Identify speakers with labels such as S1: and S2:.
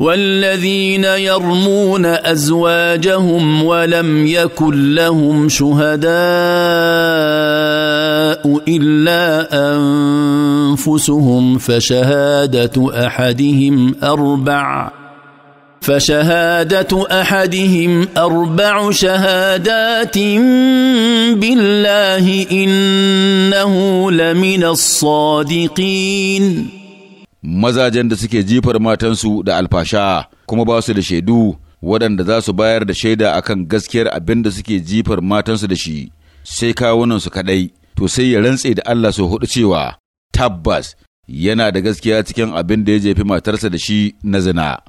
S1: والذين يرمون ازواجهم ولم يكن لهم شهداء الا انفسهم فشهاده احدهم اربع فشهاده احدهم اربع شهادات بالله انه لمن
S2: الصادقين mazajen da suke jifar matansu da alfasha kuma ba su da shaidu waɗanda za su bayar da shaida a kan gaskiyar abin da suke jifar matansu da shi sai kawunansu kaɗai to sai ya rantse da Allah sau hudu cewa tabbas yana da gaskiya cikin abin da ya jefi matarsa da shi na zina.